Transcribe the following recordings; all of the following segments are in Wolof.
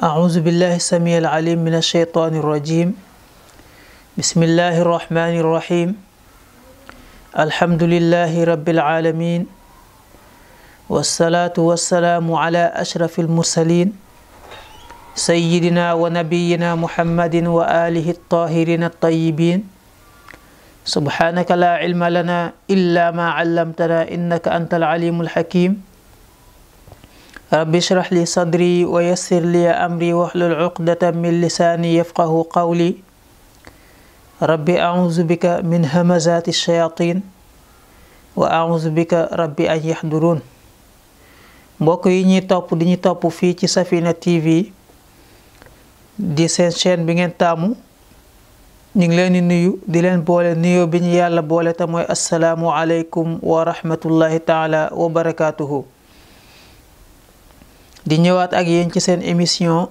أعوذ بالله السميع العليم من الشيطان الرجيم بسم الله الرحمن الرحيم الحمد لله رب العالمين والصلاة والسلام على أشرف المرسلين سيدنا ونبينا محمد وآله الطاهرين الطيبين سبحانك لا علم لنا إلا ما علمتنا إنك أنت العليم الحكيم رب اشرح لي صدري ويسر لي أمري واحلل عقدة من لساني يفقه قولي رب أعوذ بك من همزات الشياطين وأعوذ بك رب أن يحضرون بوكو يني توب ديني توب في تي سفينة تي في دي سين شين بيغن تامو نيغ لين نيو دي لين بول نيو بين يالا بول تا السلام عليكم ورحمه الله تعالى وبركاته di ñëwaat ak yéen ci seen émission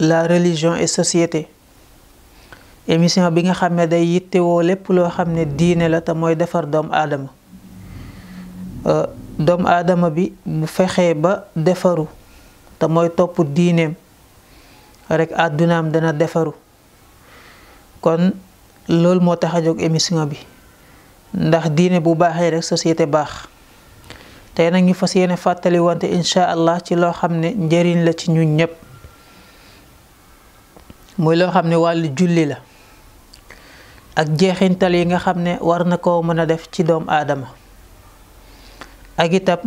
la religion et société émission bi nga xam ne day woo lépp loo xam ne diine la te mooy defar doomu aadama euh, doomu aadama bi bu fexee ba defaru te mooy topp diineem rek àddunaam dana defaru kon loolu moo tax a jóg émission bi ndax diine bu baaxee rek société baax tey nag ñu fas yéene fàttali wante incha allah ci loo xam ne njëriñ la ci ñu ñëpp muy loo xam ne wàll julli la ak jeexintal yi nga xam ne war na koo mën a def ci doomu aadama ak itam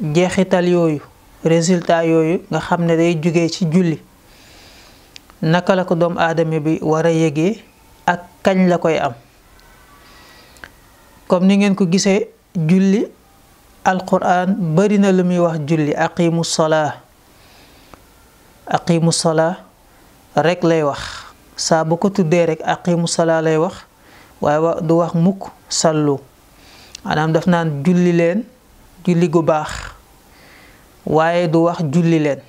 jeexital yooyu résultat yooyu nga xam ne day jóge ci julli naka la ko doomu aadama bi war a yëgee ak kañ la koy am comme ni ngeen ko gisee julli. alquran bari na lu muy wax julli aqimu salaa aqimu salaa rek lay wax saa bu ko tuddee rek aqimu salaa lay wax waaye du wax mukk sallu maanaam daf naan julli leen julli gu baax waaye du wax julli leen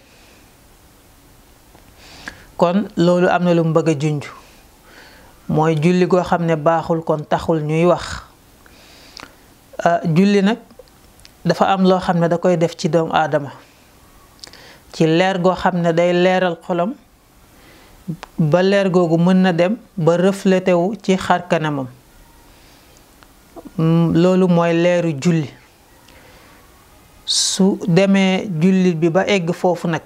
kon loolu am na lu mu bëgg a junj mooy julli goo xam ne baaxul kon taxul ñuy wax ah, julli nag dafa am loo xam ne da koy def ci doomu aadama ci leer goo xam ne day leeral xolom ba leer googu mën na dem ba reflété ci xar kanamam mm, loolu mooy leeru julli su demee jullit bi ba egg foofu nag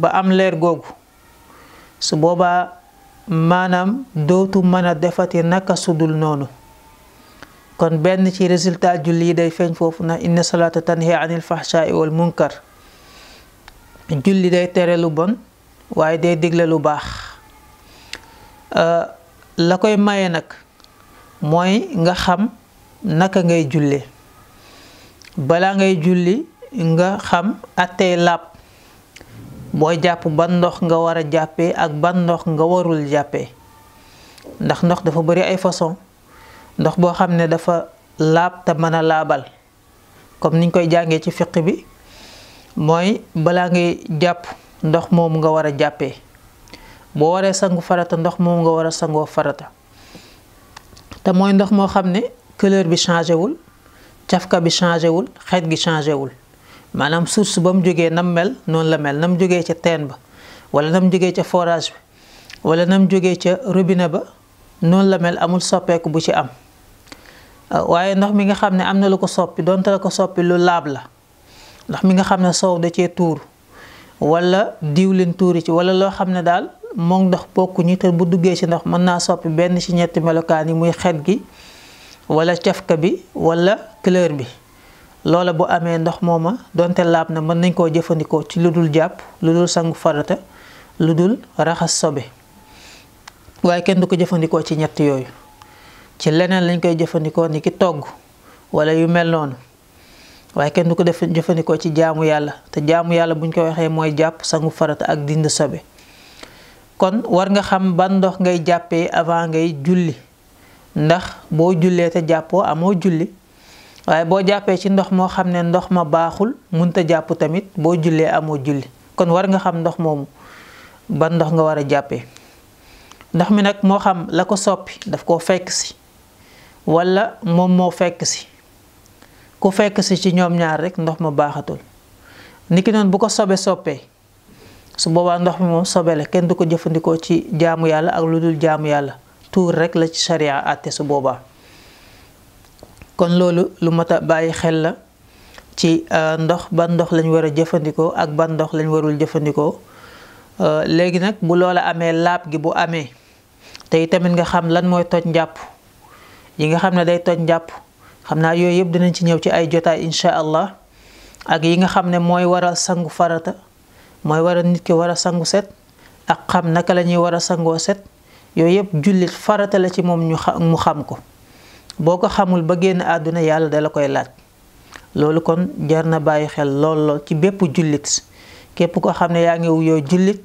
ba am leer googu su boobaa maanaam dootu mën a defati naka sudul noonu kon benn ci résultat julli yi day feeñ foofu na inna salaata tanhi anil fahshaai wal munkar julli day tere lu bon waaye day digle lu baax euh, la koy maye nag mooy nga xam naka ngay julle balaa ngay julli nga xam attey làpp booy jàpp ban ndox nga war a jàppee ak ban ndox nga warul jàppee ndax ndox dafa bari ay façon ndox boo xam ne dafa laab te mën a laabal comme niñ koy jàngee ci fiq bi mooy balaa ngay jàpp ndox moomu nga war a jàppee boo waree sangu farata ndox moomu nga war a sangoo farata te mooy ndox moo xam ne couleur bi changé wul cafka bi changé wul xeet gi changé wul maanaam source ba mu jógee nam mel noonu la mel nam jógee ca teen ba wala nam jógee ca forage bi wala nam jógee ca robine ba noonu la mel amul soppeeku bu ci am Ah, waaye ndox mi nga xam ne am na lu ko soppi donte la ko soppi lu laab la ndox mi nga xam ne soow da cee tuur wala diwlin tuuri ci wala loo xam ne daal moom ndox bokku ñu te bu duggee ci ndox mën naa soppi benn ci ñetti melokaan yi muy xet gi walla cafka bi walla couleur bi loola bu amee ndox mooma donte laab na mën nañ koo jëfandikoo ci lu dul jàpp lu dul sangu farata lu dul raxas sobe waaye kenn du ko jëfandikoo ci ñett yooyu ci leneen lañ koy jëfandikoo ni ki togg wala yu mel noonu waaye kenn du ko def jëfandikoo ci jaamu yàlla te jaamu yàlla buñ ko waxee mooy jàpp sangu farata ak dind sobe kon war nga xam ban ndox ngay jàppee avant ngay julli ndax boo jullee te jàppoo amoo julli waaye boo jàppee ci ndox moo xam ne ndox ma baaxul munta jàpp tamit boo jullee amoo julli kon war nga xam ndox moomu ban ndox nga war a jàppee ndox mi nag moo xam la ko soppi daf koo fekk si wala mom mo fekk ci ku fekk ci ci ñom ñaar rek ndox ma baaxatul niki non bu ko sobe soppee su boba ndox mi sobe du ko jëfëndiko ci jaamu yalla ak luddul jaamu yalla tour rek la ci sharia àtte su boba kon lolu lu mata bayyi xel la ci euh, ndox ban ndox lañ wara jëfëndiko ak ban ndox lañ warul euh légui nak bu loola amé lab gi bu amé te tamen nga xam lan moy toj njàpp yi nga xam ne day toj njàpp xam naa yooyu yëpp dinañ ci ñëw ci ay jotaay incha allah ak yi nga xam ne mooy waral sangu farata mooy waral nit ki war a sangu set ak xam naka lañuy ñuy war a sangoo set yooyu yëpp jullit farata la ci moom ñu mu xam ko boo ko xamul ba génn àdduna yàlla dala koy laaj loolu kon jar na bàyyi xel lool lool ci bépp jullit képp ko xam ne yaa ngi yow jullit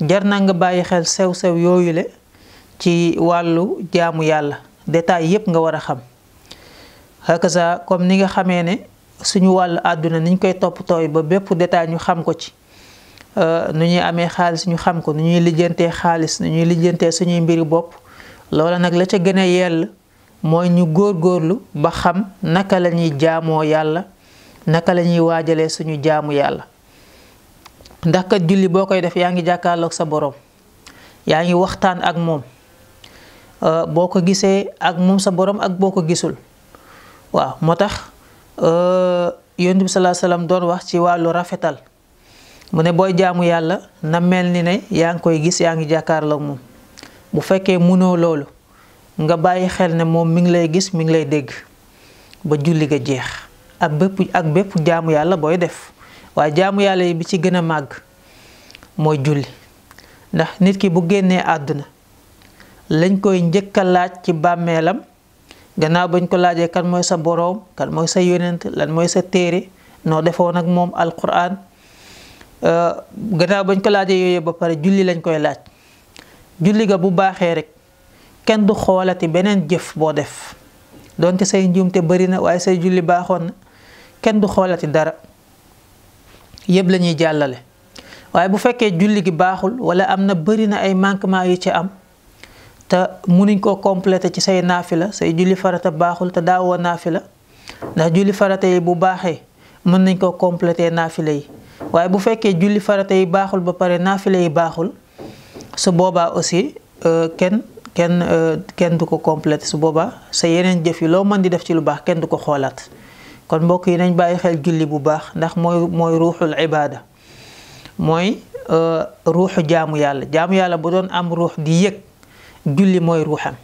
jar na nga bàyyi xel sew sew yooyule ci wàllu jaamu yàlla détails yépp nga war a xam hakaza comme ni nga xamee ne suñu wàll àdduna niñ koy toppatooy ba bépp détail ñu xam ko ci euh, nu ñuy amee xaalis ñu xam ko nu ñuy lijjantee xaalis nu ñuy lijjantee suñuy mbiri bopp loola nag la ca gën a yell mooy ñu góor góorlu ba xam naka la ñuy jaamoo yàlla naka la ñuy waajalee suñu jaamu yàlla ndax kat julli boo koy def yaa ngi jàkkaarlook sa borom yaa ngi waxtaan ak moom Eh, boko gisé ak mom sa borom ak boko gisul eh, wa motax euh yonent sallallahu alayhi wasallam doon wax ci walu rafetal mune boy jaamu yalla na melni ne yang koy gis yaa jakar lo bu fekke muno lolou nga bàyyi xel ne mom mi ngi lay gis mi ngi lay deg ba julli ga jeex ak bepp ak bepp jaamu yalla boy def wa jaamu yalla yi bi ci gëna mag moy julli ndax nit ki bu génné aduna lañ koy njëkk laaj ci bàmmeelam gannaaw bañ ko laajee kan mooy sa boroom kan mooy sa yonent lan mooy sa téere noo defoon ak moom alquran euh, gannaaw bañ ko laajee yooyu ba pare julli lañ koy laaj julli ga bu baaxee rek kenn du xoolati beneen jëf boo def donte say njuumte bari na waaye say julli baaxoon na kenn du xoolati dara yëpp lañuy jàllale waaye bu fekkee julli gi baaxul wala am na bari na ay manquement yu ci am ta munuñ ko complété ci say nafila say julli farata baaxul te daawoo nafila ndax julli farata yi bu baxé mën nañ ko complété nafila yi waye bu féké julli farata yi baxul ba pare nafila yi baxul su boba aussi kenn ken kenn ken duko complété su boba sa yenen jëf yi lo mën di def ci lu bax ken duko xolat kon mbokk yi nañ bàyyi xel julli bu bax ndax moy mooy ruuxul ibaada mooy ruuxu jaamu yàlla jaamu yàlla bu doon am ruux di julli moy ruham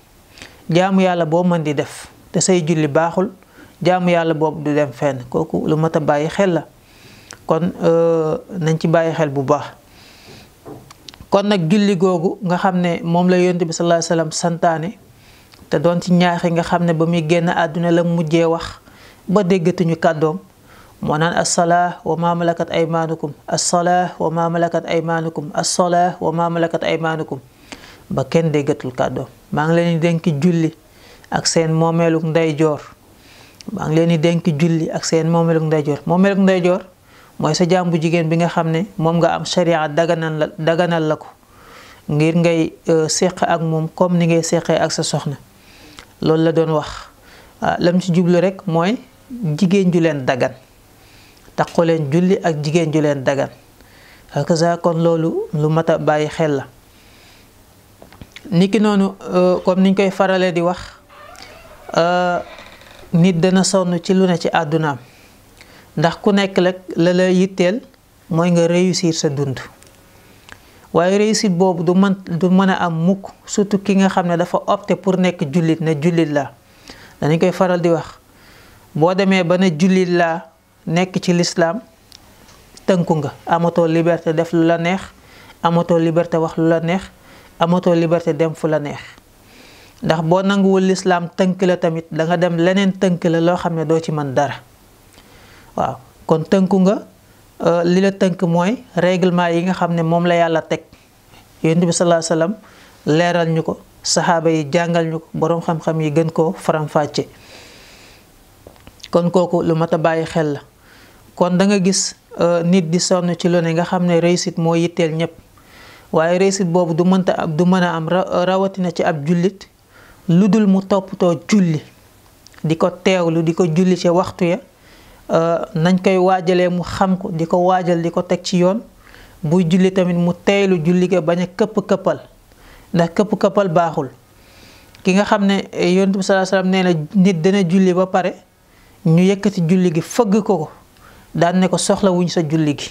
jaamu yalla bo man di def te say julli baxul jaamu yalla boobu du dem fenn koku lu mata baye xel la kon euh, nañ ci baye xel bu baax kon nak julli gogu nga xamne mom la yonte bi sallallahu alayhi wasallam santane te don ci ñaaxi nga xamne ba muy genn aduna la mujjé wax ba kaddo mo nan as-salah wa ma malakat aymanukum as-salah wa ma malakat aymanukum as-salah wa ma malakat aymanukum salah wa ma malakat aymanukum salah wa ma malakat aymanukum ba kenn déggatul kàddoom maa ngi leen di julli ak seen moomeeluk ndeyjoor maa ngi leen di dénki julli ak seen moomeeluk ndeyjoor moomeeluk ndeyjoor mooy sa jaam bu jigéen bi nga xam ne moom nga am sharia daganal daganal la ko ngir ngay euh, séq ak moom comme ni ngay séqee ak sa soxna loolu la doon wax ah, lam si jublu rek mooy jigéen ju leen dagan taqu leen julli ak jigéen ju leen dagan parce que kon loolu lu mat a bàyyi xel la nit ki noonu euh, comme niñ koy faralee di wax euh, nit dana sonn ci lu ne ci àddunaam ndax ku nekk rek la la yitteel mooy nga réussir sa dund waaye réussite boobu du mën du mën a am mukk surtout ki nga xam ne dafa opte pour nekk jullit ne jullit la danañ koy faral di wax boo demee ba ne jullit laa nekk ci lislaam tënku nga amatoo liberté def lu la neex amatoo liberté wax lu la neex amoto liberté dem fu la neex ndax bo nangul l'islam teunk la tamit da nga dem lenen teunk la lo xamne do ci man dara waaw kon teunku nga euh, li la teunk moy règlement yi nga xamne mom la yalla tek yonent bi salaa alayhi wasallam leral ko sahaba yi jangal ñuko ko xam-xam yi gën ko faram kon koku lu mata baye xel la kon da nga gis euh, nit di sonu ci lu ne nga xamne réussite waaye résit boobu du mënta am du mën a am rawatina ci ab jullit lu dul mu toppatoo julli di ko teewlu di ko julli ci waxtu ya euh, nañ koy waajalee mu xam ko di ko waajal di ko teg ci yoon buy julli tamit mu teeylu julli ga bañ a këpp këppal ndax këpp këppal baaxul ki nga xam ne yonent bi sallallahu alayhi wasallam nit dana julli ba pare ñu yëkkati julli gi fëgg ko ko ne ko soxla sa julli gi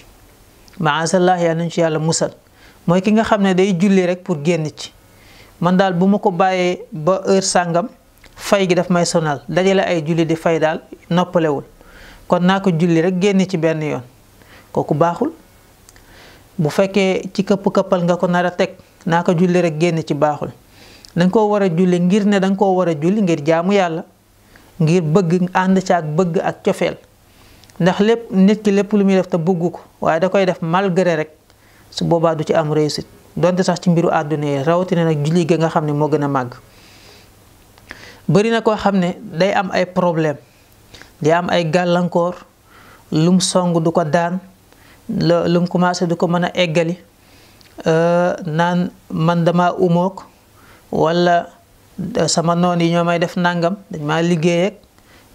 yaa nañ ci yàlla musal mooy ki nga xam ne day julli rek pour génn ci man daal bu ma ko bàyyee ba heure sàngam fay gi daf may sonal dajale ay julli di fay daal noppalewul kon naa ko julli rek génn ci benn yoon kooku baaxul bu fekkee ci këpp-këppal nga ko nar a teg naa ko julli rek génn ci baaxul da nga koo war a julli ngir ne danga nga koo war a julli ngir jaamu yàlla ngir bëgg ànd ci ak bëgg ak cofeel ndax lépp nit ki lépp lu muy def te bëgg ko waaye da koy def malgré rek su boba du ci am réussite donte sax ci mbiru aduna rawti na julli ga nga xam ne gëna mag bari na ko xamne day am ay problème day am ay galankor lum songu du ko daan lum commencé du ko mëna a euh nan man dama umok wala euh, sama non yi ñomay def nangam dañ ma liggéey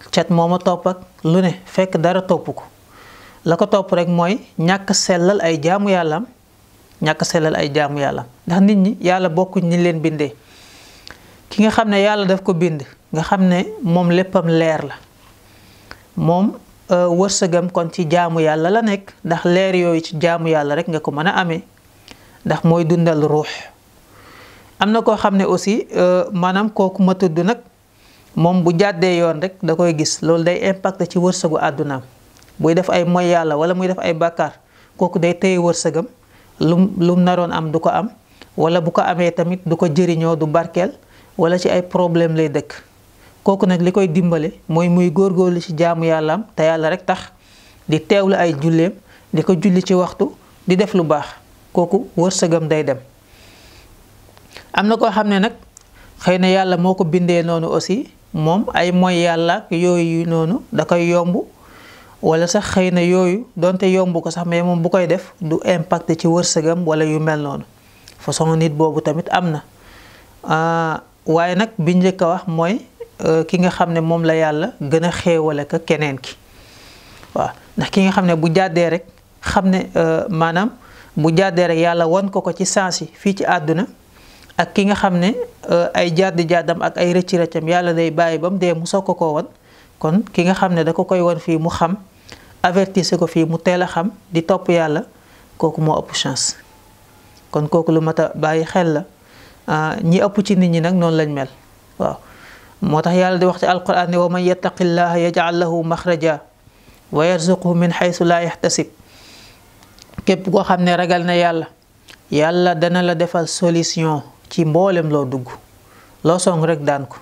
ak chat moma ma ak lu ne fekk dara topuko lako top rek moy ñak selal ay jaamu yàllam ñàkk sellal ay jaamu yàlla ndax nit ñi yàlla bokkuñ ñi leen bindee ki nga xam ne yàlla daf ko bind nga xam ne moom léppam leer la moom euh, wërsëgam kon ci jaamu yàlla la nekk ndax leer yooyu ci jaamu yàlla rek nga ko mën a amee ndax mooy dundal ruux am na koo xam ne aussi euh, maanaam kooku ma tudd nag moom bu jàddee yoon rek da koy gis loolu day impact ci wërsëgu àddunaam buy def ay moy yàlla wala muy def ay bàkkaar kooku day téye wërsëgam lu lum naroon am du ko am wala bu ko amee tamit du ko jëriñoo du barkeel wala ci ay problème lay dëkk kooku nag li koy dimbale mooy muy góor góorlu ci jaamu yàllaam te yàlla rek tax di teew teewlu ay julleem di ko julli ci waxtu di def lu baax kooku wërsëgam day dem am na koo xam ne nag xëy na yàlla moo ko bindee noonu aussi moom ay mooy yàlla yooyu noonu da koy yomb wala sax xëy na yooyu donte yomb ko sax mais moom bu koy def du impact ci wërsëgam wala yu mel noonu façon nit boobu tamit am na ah, waaye nag bi njëkk a wax mooy euh, ki nga xam ne moom la yàlla gën a xéewale ka keneen ki waaw ndax ki nga xam ne bu jàddee rek xam ne euh, maanaam bu jàddee rek yàlla wan ko ko ci sens yi fii ci àdduna ak ki nga xam ne euh, ay jàddi jàddam ak ay rëcc rëccam yàlla day bàyyi ba mu dee mu soog ko koo wan kon ki nga xam ne da ko koy wan fii mu xam avertissé ko fi mu téla xam di top yàlla koku mo ëpp chance kon koku lu mata bàyyi xel la ñi ëpp ci nit ñi nak non lañ mel waaw motax yàlla di wax ci alquran ne wa man yattaqillaha yaj'al lahu makhraja wa yarzuquhu min haythu la yahtasib kep ko xamne ragal na yàlla yàlla dana la defal solution ci mboolem lo dugg lo song rek dan ko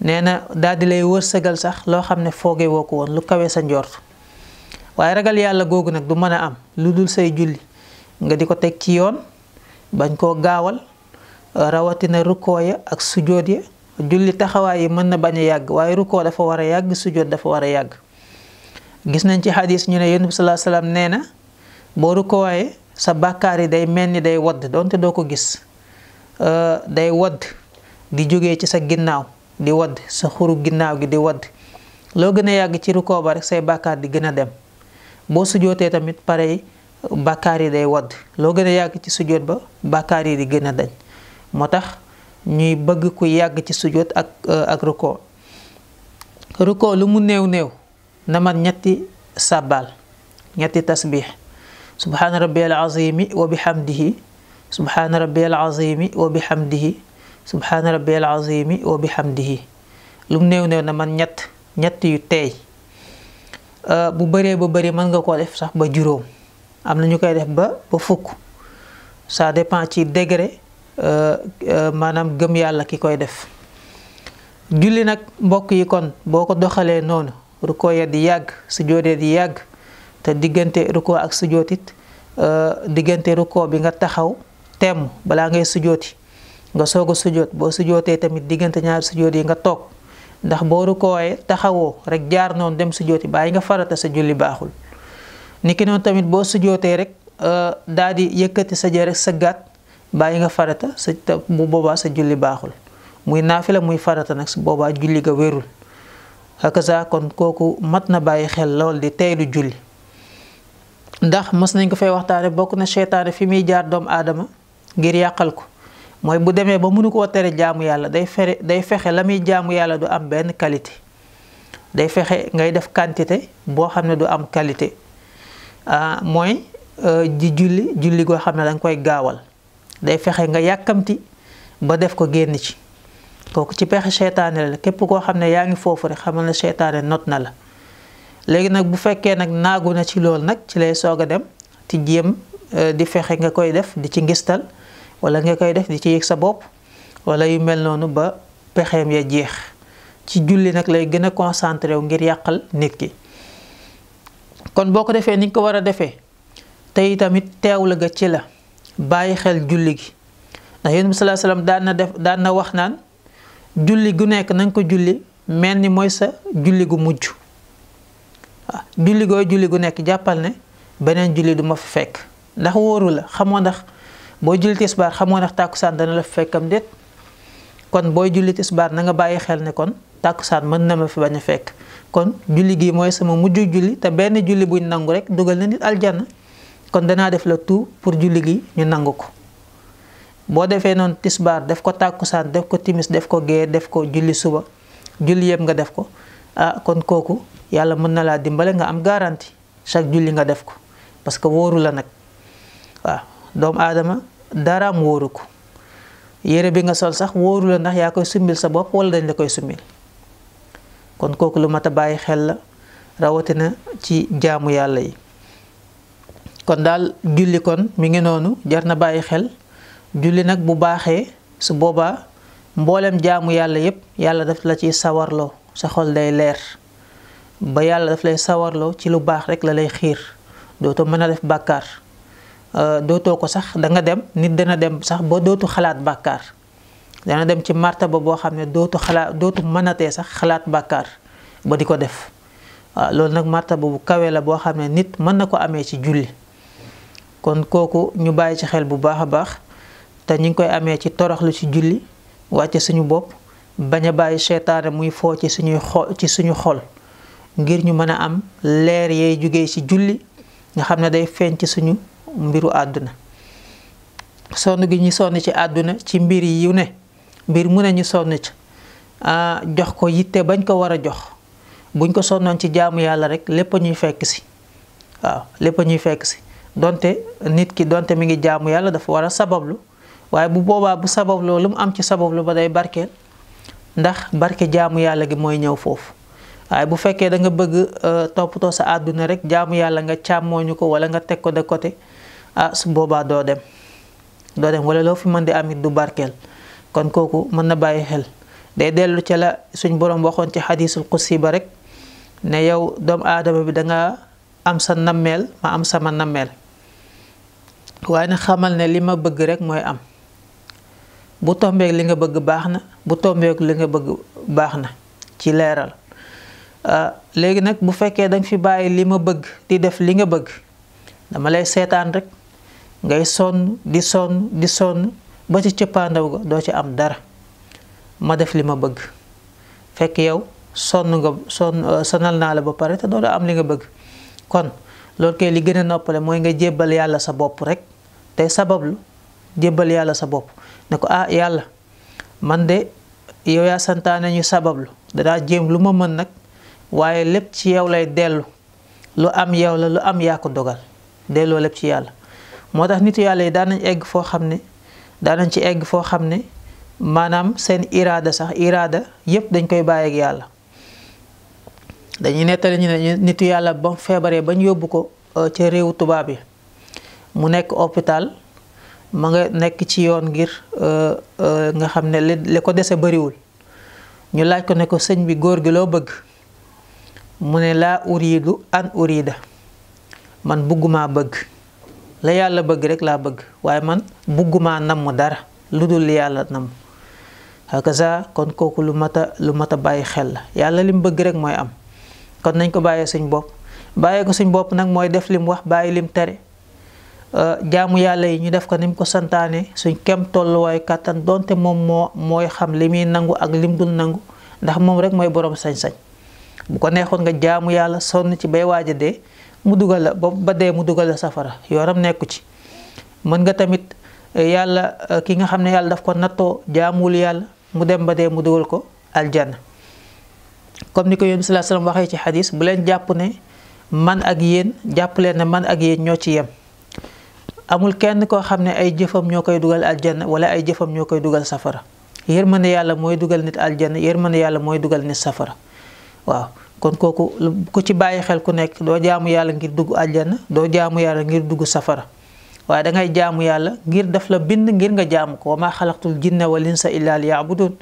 nee dal di lay wërsëgal sax lo xamne ne woko won lu kawe sa njort waaye ragal yàlla googu nag du mën a am lu dul say julli nga di ko teg ci yoon bañ koo gaawal rawatina rukkoo ya ak sujoot ya julli taxawaay yi mën na bañ a yàgg waaye rukkoo dafa war a yàgg sujoot dafa war a yàgg gis nañ ci xadis ñu ne yonent bi salaa salaam nee na boo sa bàkkaar day mel ni day wadd donte doo ko gis euh, day wadd di jógee ci sa ginnaaw di wadd sa xuru ginnaaw gi di wadd loo gën a yàgg ci rukkoo ba rek say bàkkaar di gën a dem boo sujootee tamit parey bàkkaar yi day wadd loo gën a yàgg ci sujoot ba bàkkaar yi di gën a dañ moo tax ñuy bëgg ku yàgg ci sujoot ak euh, ak ruko ruko lu mu néew néew na man ñetti sàbbaal ñetti tasbiix subhaana rabbiyal azimi wa bihamdihi subhaana rabbiyal azimi wa bihamdihi subhaana rabbiyal azimi wa bihamdihi lu néew néew na man ñett ñett yu teey bu bëree eh, bu bëri man nga ko def sax ba juróom amna ñu koy def ba ba fukk ça dépend ci degré eh, eh, manam gëm yalla ki koy def julli nak mbokk yi kon boko doxale non ruko ya yag yàgg sujoodee ya di yag te ruko ak sujootit diggante ruko bi nga taxaw tem bala ngay sujooti nga soog a sujoot boo sujootee tamit diggante ñaar sujoot yi nga tok ndax boo rukkooyee taxawoo rek jaar noonu dem sujooti bàyyi nga farata sa julli baaxul niki noonu tamit boo sujootee rek euh, daal di yëkkati sa jë rek sa gàtt bàyyi nga farata sa bu boobaa sa julli baaxul muy naafila muy farata nag su boobaa julli ga wérul hakaza kon kooku mat na bàyyi xel lool di teylu julli ndax mës nañ ko fay waxtaane bokk na seytaane fi muy jaar doomu aadama ngir yàqal ko mooy bu demee ba mënu koo tere jaamu yàlla day fere day fexe la muy jaamu yàlla du am benn qualité day fexe ngay def quantité boo xam ne du am qualité ah, mooy euh, ji julli julli goo xam ne danga koy gaawal day fexe nga yàkkamti ba def ko génn ci kooku ci pexe seytaane la képp koo xam ne yaa ngi foofu rek xamal na seytaane not na la léegi nag bu fekkee nag naagu na ci lool nag ci lay soog a dem ci jéem euh, di fexe nga koy def di ci ngistal wala nga koy def di ci yëg sa bopp wala yu mel noonu ba pexeem ya jeex ci julli nag lay gën a concentré wu ngir yàqal nit ki kon boo ko defee ni ko war a defee tey tamit teew la ga ci la bàyyi xel julli gi ndax yéen bi salaa salaam na wax naan julli gu nekk na ko julli mel ni mooy sa julli gu mujj waaw julli gooy julli gu nekk jàppal ne beneen julli du ma fekk ndax wóoru la xamoo ndax boy julli tisbaar xamone takusan dana la fekkam det kon boy julli tisbaar na nga baye xel ne kon takusan man na ma fi fekk kon julli gi moy sama muju julli te ben julli buñ nangu rek dugal na nit aljanna kon dana def la tout pour julli gi ñu nangu ko boo defee noonu def ko takusan def ko timis def ko ge def ko julli suba julli yeb nga def ko ah kon koku yalla mën na la dimbalé nga am garantie chaque julli nga def ko parce que woru la nak waaw doomu aadama daraam wóoru ko yére bi nga sol sax wóoru ndax yaa koy summil sa bopp wala dañ la koy summil kon kooku lu mat a bàyyi xel la rawatina ci jaamu yàlla yi kon daal julli kon mu ngi noonu jar na bàyyi xel julli nag bu baaxee su boobaa mboolem jaamu yàlla yépp yàlla daf la ciy sawarloo sa xol day leer ba yàlla daf lay sawarloo ci lu baax rekk la lay xiir dooto mën a def bàkkaar Eh, doto ko sax da nga dem nit dana dem sax bo doto khalat bakar dana dem ci martaba bo xamne doto khalat doto manate sax khalat bakar ba diko ko def waaw ah, nak nag martaba bu kawe la bo xamne nit man nako amé ci julli kon koku ñu bay ci xel bu baax baax ta ñi ngi koy amé ci toroxlu ci julli wacce suñu bop baña bay sétane muy fo ci suñu xol ci suñu xol ngir ñu mëna am lèr yay juggé ci julli nga xamne day feeñ ci suñu mbiru àdduna sonn gi ñu sonn ci àdduna ci mbir yu ne mbir mu ne ñu sonn ci jox ko yitte bañ ko war a jox buñ ko sonnoon ci jaamu yàlla rek lépp ñuy fekk si waaw lépp ñuy fekk si donte nit ki donte mu ngi jaamu yàlla dafa war a sabablu waaye bu boobaa bu sababloo lu mu am ci sabablu ba day barkeel ndax barke jaamu yàlla gi mooy ñëw foofu waaye bu fekkee danga nga bëgg euh, toppatoo sa àdduna rek jaamu yàlla nga càmmooñu ko wala nga teg ko de côté ah su boba do dem do dem wala loo fi man di amit du barkel kon koku man na baye xel day delu ci la suñ borom waxon ci hadithul qudsi ba rek ne yow dom aadama bi nga am sa namel ma am man namel waaye na xamal ne lima bëgg rek moy am bu tombeek li nga bëgg baxna bu tombe ak li nga bëgg baxna ci leral leeral ah, léegi nak bu fekke dang fi baye lima bëgg di def li nga bëgg dama lay sétane rek ngay sonn di sonn di sonn ba ci cëppaandaw ga doo ci am dara ma def li ma bëgg fekk yow sonn nga sonn euh, sonal naa la ba pare te doo la am li nga bëgg kon loolu kay li gën a noppale mooy nga jébbal yàlla sa bopp rek tey sabablu jébbal yàlla sa bopp ne ko ah yàlla man de yow yaa ñu sabablu danaa jéem lu ma mën nag waaye lépp ci yow lay dellu lu am yow la lu am yaa ko dogal delloo lépp ci yàlla moo tax nitu yàlla yi daanañ egg foo xam ne daanañ ci egg foo xam ne maanaam seen iraada sax iraada yépp dañ koy bàyyi yàlla dañuy nettali ñu ne nitu yàlla ba feebaree ba ñu yóbbu ko euh, ca réewu tubaab yi mu nekk hôpital mu nga nekk ci yoon ngir euh, euh, nga xam ne li ko dese bariwul ñu laaj ko ne ko sëñ bi góor gi loo bëgg mu ne laa uriidu an uriida man bëggumaa bëgg la yàlla bëgg rek laa bëgg waaye man bëgguma namm dara lu dul yàlla namm hakaza kon kooku lu mat a lu mat a bàyyi xel la yàlla lim bëgg rek mooy am kon nañ ko bàyyee suñ bopp bàyyee ko suñ bopp nag mooy def lim wax bàyyi lim tere euh, jaamu yàlla yi ñu def ko nim ko santaane suñ kem tolluwaay kàttan donte moom moo mooy xam li muy nangu ak lim dul nangu ndax moom rek mooy boroom sañ-sañ bu ko neexoon nga jaamu yàlla sonn ci bay waaj a mu dugal la ba ba dee mu dugal la safara yoram nekku ci mën nga tamit eh, yàlla eh, ki nga xam ne yàlla daf ko nattoo jaamuwul yàlla mu dem ba dee mu dugal ko aljanna comme ni ko yoon sallallahu alayhi wasallam waxee ci xadis bu leen jàpp ne man ak yéen jàpp leen man ak yéen ñoo ci yem amul kenn koo xam ne ay jëfam ñoo koy dugal aljanna wala ay jëfam ñoo koy dugal safara yërmande yàlla mooy dugal nit ma yërmande yàlla mooy dugal nit safara waaw kon koku ku ci baye xel ku nek do jaamu yalla ngir duggu aljana do jaamu yalla ngir duggu safara waye da ngay jaamu yalla ngir daf la bind ngir nga jaam ko ma khalaqtul jinna wal insa illa liya'budun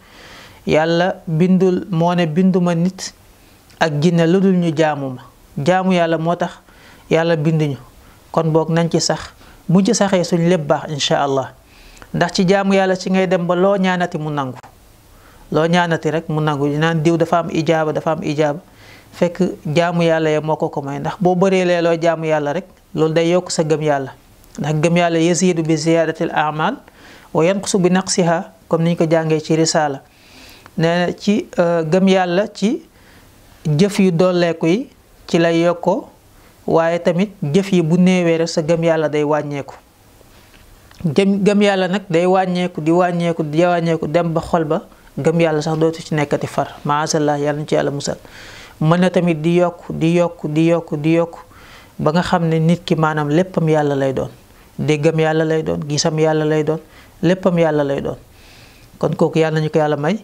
yalla bindul moone binduma nit ak jinna ludul ñu jaamuma jaamu yalla motax yalla binduñu kon bok nañ ci sax mu ci saxé suñ lepp bax allah ndax ci jaamu yalla ci ngay dem ba lo ñaanati mu nangu lo ñaanati rek mu nangu naan diiw dafa am ijaba dafa am ijaba fekk jaamu yàlla ya moo ko ko may ndax boo bëree lee loo jaamu yàlla rek loolu day yokk sa gëm yàlla ndax gëm yàlla yasiidu bi ziyaadatil amal wa yanqusu bi naqsiha comme ni ñu ko jàngee ci risaala nee na ci euh, gëm yàlla ci jëf yu dolleeku yi ci lay yokkoo waaye tamit jëf yi bu néewee rek sa gëm yàlla day wàññeeku gëm gëm yàlla nag day wàññeeku di wàññeeku di wàññeeku dem ba xol ba gëm yàlla sax dootu ci nekkati far maasallaa yàlla ñu ci yàlla musal mën na tamit di yokk di yokk di yokk di yokk ba nga xam ne nit ki maanaam léppam yàlla lay doon déggam yàlla lay doon gisam yàlla lay doon léppam yàlla lay doon kon kooku yàlla nañu ko yàlla may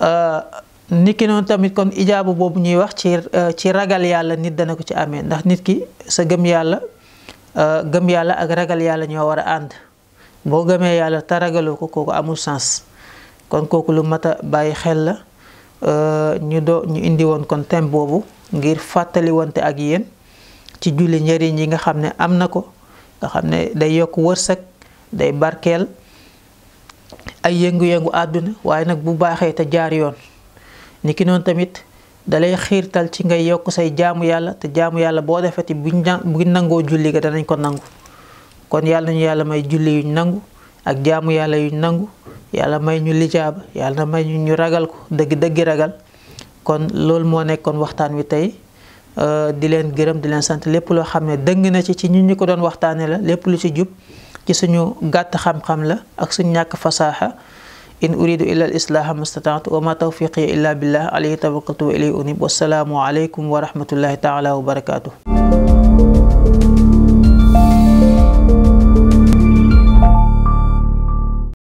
euh, nit ki noonu tamit kon ijaabu boobu ñuy wax ci euh, ci ragal yàlla nit dana ko ci amee ndax nit ki sa gëm yàlla euh, gëm yàlla ak ragal yàlla ñoo war a ànd boo gëmee yàlla te ragaloo ko kooku amul sens kon kooku lu mat a bàyyi xel la Euh, ñu doo ñu indi woon kon thème boobu ngir fàttali wante ak yéen ci julli njëriñ yi nga xam ne am na ko nga xam ne day yokk wërsëg day barkeel ay yëngu-yëngu àdduna waaye nag bu baaxee te jaar yoon ni ki noonu tamit dalay xiirtal ci ngay yokk say jaamu yàlla te jaamu yàlla boo defeti bu buñ nangoo julli ga danañ ko nangu kon yàlla nañu yàlla may julli yuñ nangu ak jaamu yàlla yuñ nangu yàlla may ñu lijaaba yàlla may ñu ñu ragal ko dëgg dëggi ragal kon loolu moo nekkoon waxtaan wi tey euh, di leen gërëm di leen sant lépp loo xam ne dëng na ci ci ñun ñu ko doon waxtaanee la lépp lu ci jub ci suñu gàtt xam-xam la ak suñu ñàkk fasaaxa in uridu illa al islaaha mastataatu wa ma tawfiqi illa billah alayhi tawakkaltu wa ilayhi unib wassalaamu alaykum wa rahmatullahi taala wa barakaatuh